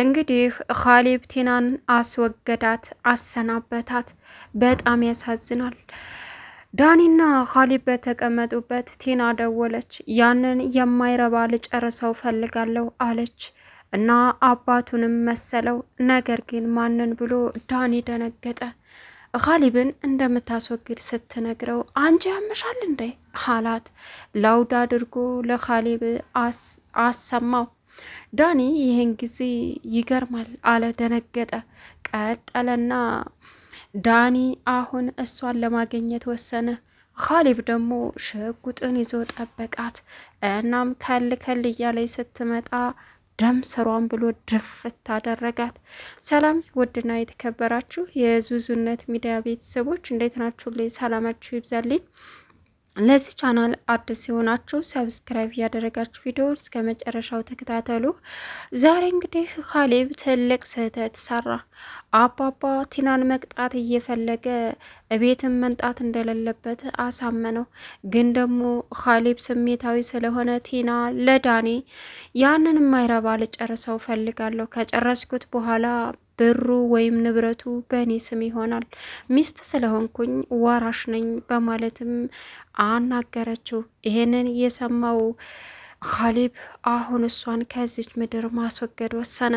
እንግዲህ ኻሊብ ቲናን አስወገዳት፣ አሰናበታት። በጣም ያሳዝናል። ዳኒና ኻሊብ በተቀመጡበት ቲና ደወለች። ያንን የማይረባ ልጨርሰው ፈልጋለሁ አለች እና አባቱንም መሰለው። ነገር ግን ማንን ብሎ ዳኒ ደነገጠ። ኻሊብን እንደምታስወግድ ስትነግረው አንቺ ያመሻል እንዴ አላት። ላውድ አድርጎ ለኻሊብ አሰማው። ዳኒ ይህን ጊዜ ይገርማል አለ፣ ደነገጠ። ቀጠለና ዳኒ አሁን እሷን ለማግኘት ወሰነ። ካሊብ ደግሞ ሽጉጥን ይዞ ጠበቃት። እናም ከል ከል እያለች ስትመጣ ደም ስሯን ብሎ ድፍት አደረጋት። ሰላም ውድና የተከበራችሁ የዙዙነት ሚዲያ ቤተሰቦች እንዴት ናችሁ? ላይ ሰላማችሁ ይብዛልኝ። ለዚህ ቻናል አዲስ ሲሆናችሁ ሰብስክራይብ እያደረጋችሁ ቪዲዮ እስከ መጨረሻው ተከታተሉ። ዛሬ እንግዲህ ካሌብ ትልቅ ስህተት ሰራ። አባባ ቲናን መቅጣት እየፈለገ ቤትን መንጣት እንደሌለበት አሳመነው። ግን ደግሞ ካሌብ ስሜታዊ ስለሆነ ቲና ለዳኔ ያንን የማይረባ ልጨርሰው ፈልጋለሁ ከጨረስኩት በኋላ ብሩ ወይም ንብረቱ በእኔ ስም ይሆናል፣ ሚስት ስለሆንኩኝ ወራሽ ነኝ በማለትም አናገረችው። ይሄንን የሰማው ኻሊብ አሁን እሷን ከዚች ምድር ማስወገድ ወሰነ።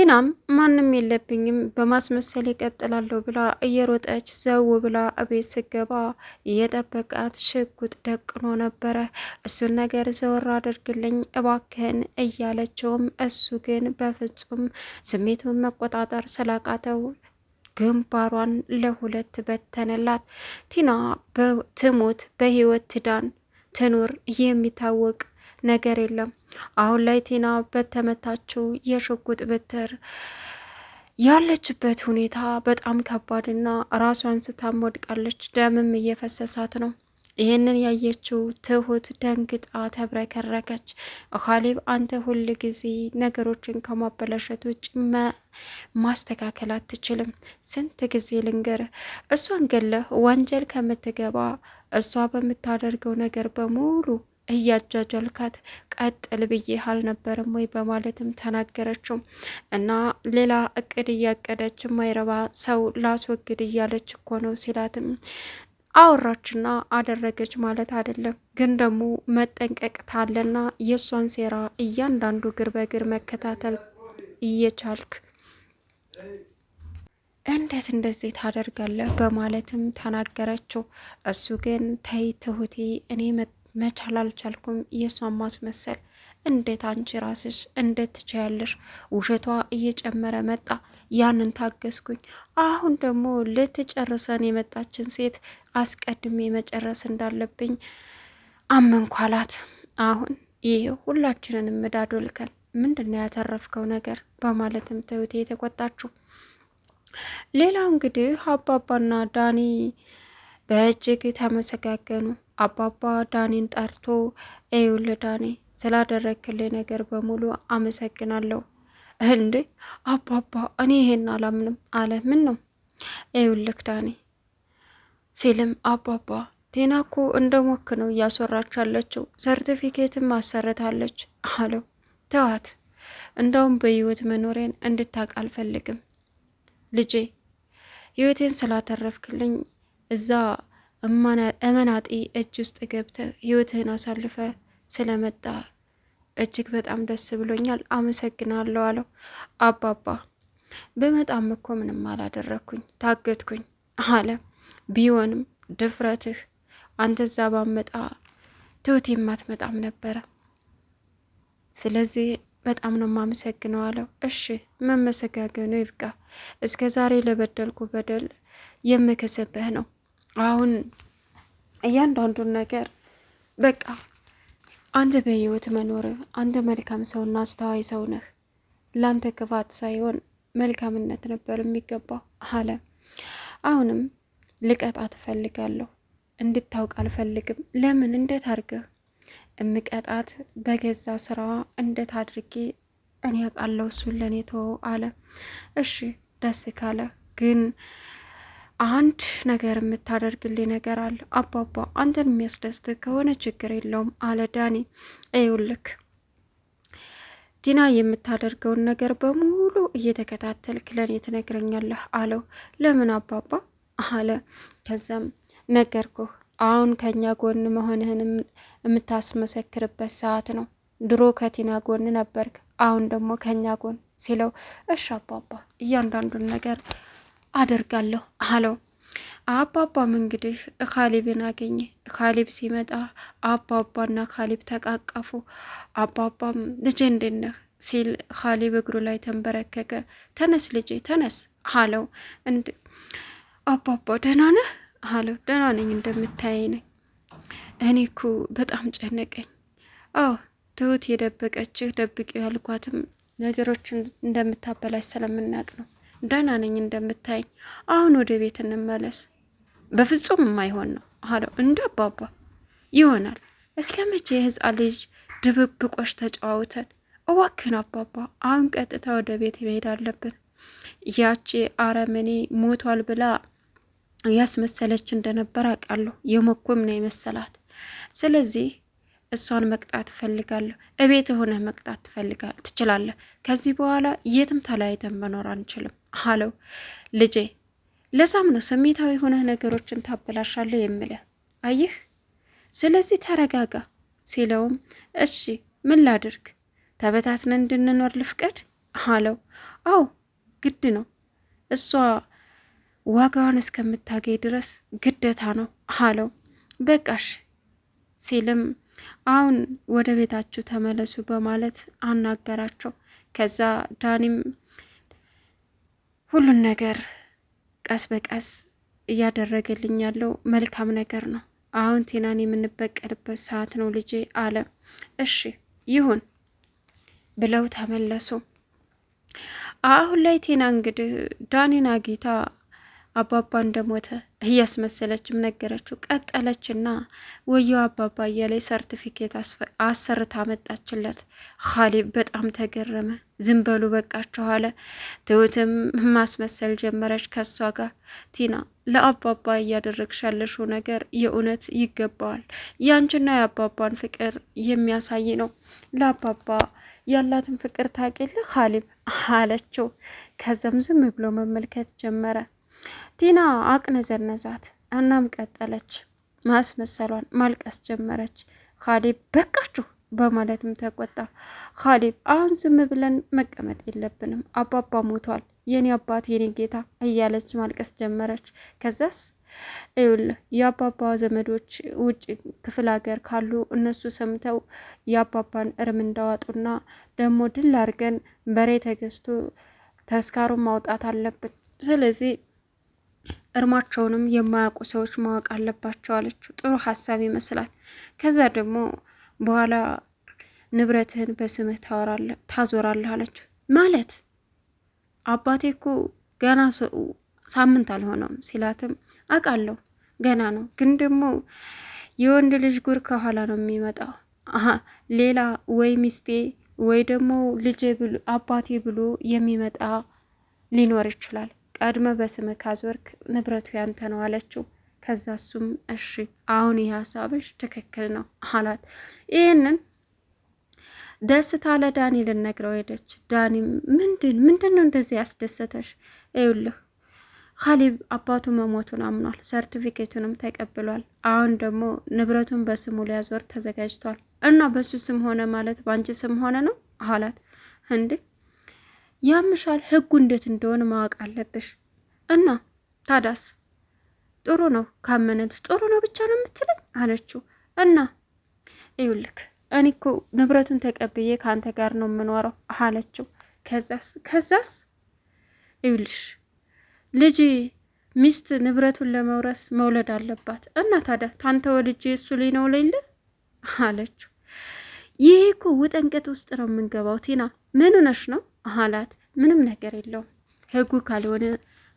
ቲናም ማንም የለብኝም በማስመሰል ይቀጥላለሁ ብላ እየሮጠች ዘው ብላ እቤት ስገባ እየጠበቃት ሽጉጥ ደቅኖ ነበረ። እሱን ነገር ዘወር አድርግልኝ እባክህን እያለችውም እሱ ግን በፍጹም ስሜቱን መቆጣጠር ስላቃተው ግንባሯን ለሁለት በተነላት። ቲና ትሙት በህይወት ትዳን ትኑር የሚታወቅ ነገር የለም። አሁን ላይ ቲና በተመታችው የሽጉጥ ብትር ያለችበት ሁኔታ በጣም ከባድና ራሷን ስታም ወድቃለች። ደምም እየፈሰሳት ነው። ይህንን ያየችው ትሁት ደንግጣ ተብረከረከች። ኻሊብ አንተ ሁል ጊዜ ነገሮችን ከማበላሸት ውጭ ማስተካከል አትችልም። ስንት ጊዜ ልንገርህ፣ እሷን ገለህ ወንጀል ከምትገባ እሷ በምታደርገው ነገር በሙሉ እያጃጃልካት ቀጥል ብዬ አልነበረም ወይ በማለትም ተናገረችው። እና ሌላ እቅድ እያቀደች ማይረባ ሰው ላስወግድ እያለች እኮ ነው ሲላትም አወራችና አደረገች ማለት አይደለም፣ ግን ደግሞ መጠንቀቅ ታለና የእሷን ሴራ እያንዳንዱ እግር በእግር መከታተል እየቻልክ እንዴት እንደዚህ ታደርጋለህ? በማለትም ተናገረችው። እሱ ግን ተይ ትሁቴ እኔ መቻል አልቻልኩም። የእሷን ማስመሰል እንዴት አንቺ ራስሽ እንዴት ትችያለሽ? ውሸቷ እየጨመረ መጣ። ያንን ታገስኩኝ። አሁን ደግሞ ልትጨርሰን የመጣችን ሴት አስቀድሜ መጨረስ እንዳለብኝ አመንኳላት። አሁን ይሄ ሁላችንን ምዳዶልከን ምንድን ነው ያተረፍከው ነገር በማለትም ትሁቴ የተቆጣችው። ሌላው እንግዲህ አባባና ዳኒ በእጅግ ተመሰጋገኑ። አባባ ዳኔን ጠርቶ ኤውል ዳኔ ስላደረክልኝ ነገር በሙሉ አመሰግናለሁ። እንዴ አባባ እኔ ይሄን አላምንም አለ። ምን ነው ኤውልክ ዳኔ ሲልም አባባ ቴና እኮ እንደ ሞክ ነው እያስወራች አለችው። ሰርቲፊኬትም አሰረታለች አለው። ተዋት፣ እንደውም በህይወት መኖሬን እንድታውቅ አልፈልግም ልጄ። ህይወቴን ስላተረፍክልኝ እዛ እመናጤ እጅ ውስጥ ገብተህ ህይወትህን አሳልፈ ስለመጣ እጅግ በጣም ደስ ብሎኛል፣ አመሰግናለሁ አለው። አባባ በመጣም እኮ ምንም አላደረግኩኝ ታገትኩኝ አለ። ቢሆንም ድፍረትህ አንተ እዛ ባመጣ ትሁት የማትመጣም ነበረ። ስለዚህ በጣም ነው የማመሰግነው አለው። እሺ መመሰጋገኑ ይብቃ። እስከ ዛሬ ለበደልኩ በደል የምከስብህ ነው አሁን እያንዳንዱን ነገር በቃ አንተ በህይወት መኖርህ አንተ መልካም ሰውና አስተዋይ ሰው ነህ። ለአንተ ክፋት ሳይሆን መልካምነት ነበር የሚገባው አለ። አሁንም ልቀጣት እፈልጋለሁ፣ እንድታውቅ አልፈልግም። ለምን እንዴት አድርገህ እምቀጣት በገዛ ስራዋ እንዴት አድርጌ እኔ አውቃለሁ፣ እሱን ለእኔ ተወው አለ። እሺ ደስ ካለህ ግን አንድ ነገር የምታደርግልኝ ነገር አለ አባባ፣ አንተን የሚያስደስት ከሆነ ችግር የለውም አለ ዳኒ። ይኸውልህ ዲና የምታደርገውን ነገር በሙሉ እየተከታተልክ ለእኔ ትነግረኛለህ አለው። ለምን አባባ አለ። ከዛም ነገርኩህ፣ አሁን ከኛ ጎን መሆንህን የምታስመሰክርበት ሰዓት ነው። ድሮ ከቲና ጎን ነበርክ፣ አሁን ደግሞ ከኛ ጎን ሲለው፣ እሺ አባባ እያንዳንዱን ነገር አደርጋለሁ አለው። አባባም እንግዲህ ካሊብን አገኘ። ካሊብ ሲመጣ አባባና ካሊብ ተቃቀፉ። አባባም ልጄ እንዴት ነህ ሲል ካሊብ እግሩ ላይ ተንበረከከ። ተነስ ልጄ ተነስ አለው። አባባ ደህና ነህ አለው። ደህና ነኝ እንደምታየኝ ነኝ። እኔ እኮ በጣም ጨነቀኝ። አዎ ትሁት የደበቀችህ ደብቂ ያልኳትም ነገሮችን እንደምታበላሽ ስለምናቅ ነው ደህና ነኝ እንደምታይኝ። አሁን ወደ ቤት እንመለስ። በፍጹም የማይሆን ነው አለው። እንደ አባባ ይሆናል። እስከ መቼ የህፃን ልጅ ድብብቆች ተጫዋውተን እዋክን አባባ፣ አሁን ቀጥታ ወደ ቤት መሄድ አለብን። ያቺ አረመኔ ሞቷል ብላ ያስመሰለች እንደነበር አውቃለሁ። የሞኩም ነው የመሰላት። ስለዚህ እሷን መቅጣት እፈልጋለሁ። እቤት ሆነህ መቅጣት ትፈልጋል ትችላለህ። ከዚህ በኋላ የትም ተለያይተን መኖር አንችልም። አለው። ልጄ ለዛም ነው ስሜታዊ ሆነህ ነገሮችን ታበላሻለህ የምልህ አየህ። ስለዚህ ተረጋጋ ሲለውም እሺ ምን ላድርግ ተበታትነን እንድንኖር ልፍቀድ አለው። አው ግድ ነው እሷ ዋጋዋን እስከምታገኝ ድረስ ግደታ ነው አለው። በቃሽ ሲልም አሁን ወደ ቤታችሁ ተመለሱ በማለት አናገራቸው። ከዛ ዳኒም ሁሉን ነገር ቀስ በቀስ እያደረገልኝ ያለው መልካም ነገር ነው። አሁን ቴናን የምንበቀልበት ሰዓት ነው ልጄ አለ። እሺ ይሁን ብለው ተመለሱ። አሁን ላይ ቴና እንግዲህ ዳኒን አግኝታ አባባ እንደሞተ እያስመሰለችም ነገረችው። ቀጠለችና ወየው አባባ እያለች ሰርቲፊኬት አሰርታ አመጣችለት። ኻሊብ በጣም ተገረመ። ዝም በሉ በቃችሁ አለ። ትሁትም ማስመሰል ጀመረች ከሷ ጋር። ቲና ለአባባ እያደረግሽ ያለሽው ነገር የእውነት ይገባዋል። ያንቺና የአባባን ፍቅር የሚያሳይ ነው። ለአባባ ያላትን ፍቅር ታቂልህ ኻሊብ አለችው። ከዘምዝም ብሎ መመልከት ጀመረ። ቲና አቅነዘነዛት። እናም ቀጠለች ማስመሰሏን፣ ማልቀስ ጀመረች። ካሌብ በቃችሁ በማለትም ተቆጣ። ካሌብ አሁን ዝም ብለን መቀመጥ የለብንም አባባ ሞቷል፣ የኔ አባት የኔ ጌታ እያለች ማልቀስ ጀመረች። ከዛስ ይኸውልህ የአባባ ዘመዶች ውጭ ክፍል ሀገር ካሉ እነሱ ሰምተው የአባባን እርም እንዳዋጡና ደግሞ ድል አድርገን በሬ ተገዝቶ ተስካሩን ማውጣት አለብን። ስለዚህ እርማቸውንም የማያውቁ ሰዎች ማወቅ አለባቸው አለችው። ጥሩ ሀሳብ ይመስላል። ከዛ ደግሞ በኋላ ንብረትህን በስምህ ታዞራለህ አለችው። ማለት አባቴ እኮ ገና ሳምንት አልሆነውም ሲላትም አውቃለሁ ገና ነው፣ ግን ደግሞ የወንድ ልጅ ጉር ከኋላ ነው የሚመጣው። ሌላ ወይ ሚስቴ ወይ ደግሞ ልጄ አባቴ ብሎ የሚመጣ ሊኖር ይችላል። ቀድመ በስም ካዞርክ ንብረቱ ያንተ ነው አለችው። ከዛ እሱም እሺ አሁን ይህ ሀሳብሽ ትክክል ነው አላት። ይህንን ደስታ ለዳኒ ልነግረው ሄደች። ዳኒም ምንድን ምንድን ነው እንደዚህ ያስደሰተሽ? ይውልህ ካሊብ አባቱ መሞቱን አምኗል፣ ሰርቲፊኬቱንም ተቀብሏል። አሁን ደግሞ ንብረቱን በስሙ ሊያዝወር ተዘጋጅቷል። እና በሱ ስም ሆነ ማለት በአንቺ ስም ሆነ ነው አላት። እንዴ ያምሻል። ህጉ እንዴት እንደሆነ ማወቅ አለብሽ። እና ታዳስ ጥሩ ነው ካመነት ጥሩ ነው ብቻ ነው የምትለኝ አለችው። እና ይውልክ እኔ እኮ ንብረቱን ተቀብዬ ከአንተ ጋር ነው የምኖረው አለችው። ከዛስ ከዛስ ይውልሽ ልጅ ሚስት ንብረቱን ለመውረስ መውለድ አለባት። እና ታዲያ ታንተ ወልጄ እሱ ላይ ነው ለይለ አለችው። ይሄ እኮ ውጠንቀት ውስጥ ነው የምንገባው ቲና፣ ምን ነሽ ነው አላት። ምንም ነገር የለውም ህጉ ካልሆነ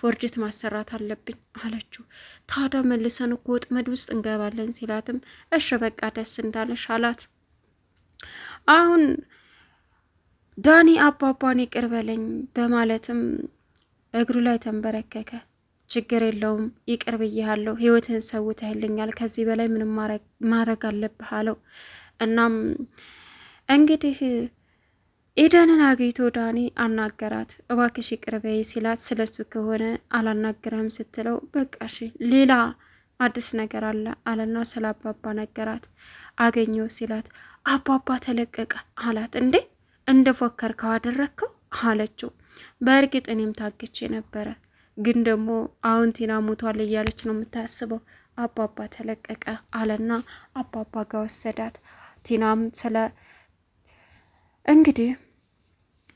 ፎርጅት ማሰራት አለብኝ አለችው። ታዲያ መልሰን እኮ ወጥመድ ውስጥ እንገባለን ሲላትም እሽ በቃ ደስ እንዳለሽ አላት። አሁን ዳኒ አባባን ይቅር በለኝ በማለትም እግሩ ላይ ተንበረከከ። ችግር የለውም ይቅር ብያለሁ፣ ህይወትህን ሰውተህልኛል፣ ከዚህ በላይ ምንም ማድረግ አለብህ አለው። እናም እንግዲህ ኢደንን አግኝቶ ዳኒ አናገራት። እባክሽ ይቅር ሲላት ስለሱ ከሆነ አላናገረም ስትለው በቃሽ ሌላ አዲስ ነገር አለ አለና ስለ አባባ ነገራት። አገኘው ሲላት አባባ ተለቀቀ አላት። እንዴ እንደ ፎከርከው አደረግከው አለችው። በእርግጥ እኔም ታግቼ ነበረ፣ ግን ደግሞ አሁን ቲና ሙቷል እያለች ነው የምታስበው። አባባ ተለቀቀ አለና አባባ ጋር ወሰዳት። ቲናም ስለ እንግዲህ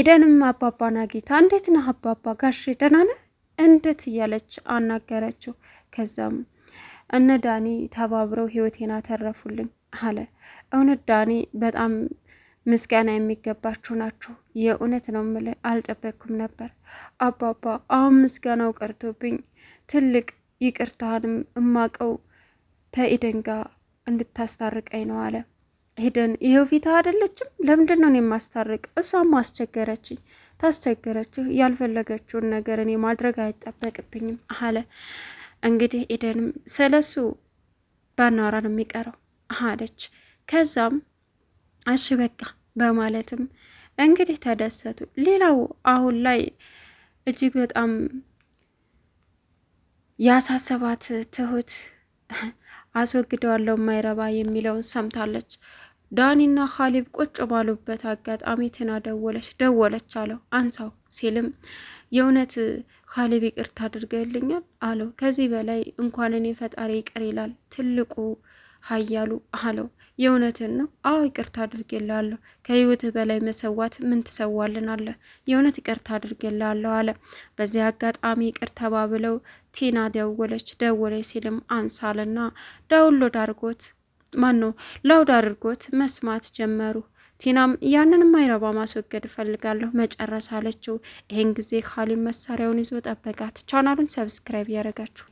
ኢደንም አባባን አግኝታ እንዴት ነህ አባባ ጋሽ ደህና ነህ እንዴት እያለች አናገረችው። ከዛም እነ ዳኒ ተባብረው ህይወቴን አተረፉልኝ አለ። እውነት ዳኒ በጣም ምስጋና የሚገባችሁ ናቸው። የእውነት ነው የምልህ አልጠበቅኩም ነበር አባባ። አሁን ምስጋናው ቀርቶብኝ ትልቅ ይቅርታህንም እማቀው ተኢደን ጋር እንድታስታርቀኝ ነው አለ። ሄደን ይሄው ፊት አይደለችም? ለምንድን ነው የማስታርቅ? እሷም አስቸገረችኝ። ታስቸገረችህ፣ ያልፈለገችውን ነገር እኔ ማድረግ አይጠበቅብኝም አለ። እንግዲህ ኢደንም ስለሱ ባናወራ ነው የሚቀረው አለች። ከዛም እሺ በቃ በማለትም እንግዲህ ተደሰቱ። ሌላው አሁን ላይ እጅግ በጣም ያሳሰባት ትሁት አስወግደዋለሁ ማይረባ የሚለውን ሰምታለች። ዳኒና ኻሊብ ቁጭ ባሉበት አጋጣሚ ትና ደወለች ደወለች አለው። አንሳው ሲልም የእውነት ኻሊብ ይቅርታ አድርገህልኛል አለው። ከዚህ በላይ እንኳን እኔ ፈጣሪ ይቅር ይላል ትልቁ ሀያሉ አለው። የእውነትን ነው? አዎ ይቅርታ አድርጌላለሁ። ከህይወት በላይ መሰዋት ምን ትሰዋልን አለ የእውነት ይቅርታ አድርጌላለሁ አለ። በዚህ አጋጣሚ ይቅር ተባብለው ቲና ደወለች ደወለች ሲልም አንሳልና ዳውንሎድ አድርጎት ማን ነው ላውድ አድርጎት መስማት ጀመሩ። ቲናም ያንንም ማይረባ ማስወገድ እፈልጋለሁ መጨረስ አለችው። ይህን ጊዜ ካሊም መሳሪያውን ይዞ ጠበቃት። ቻናሉን ሰብስክራይብ ያደረጋችሁ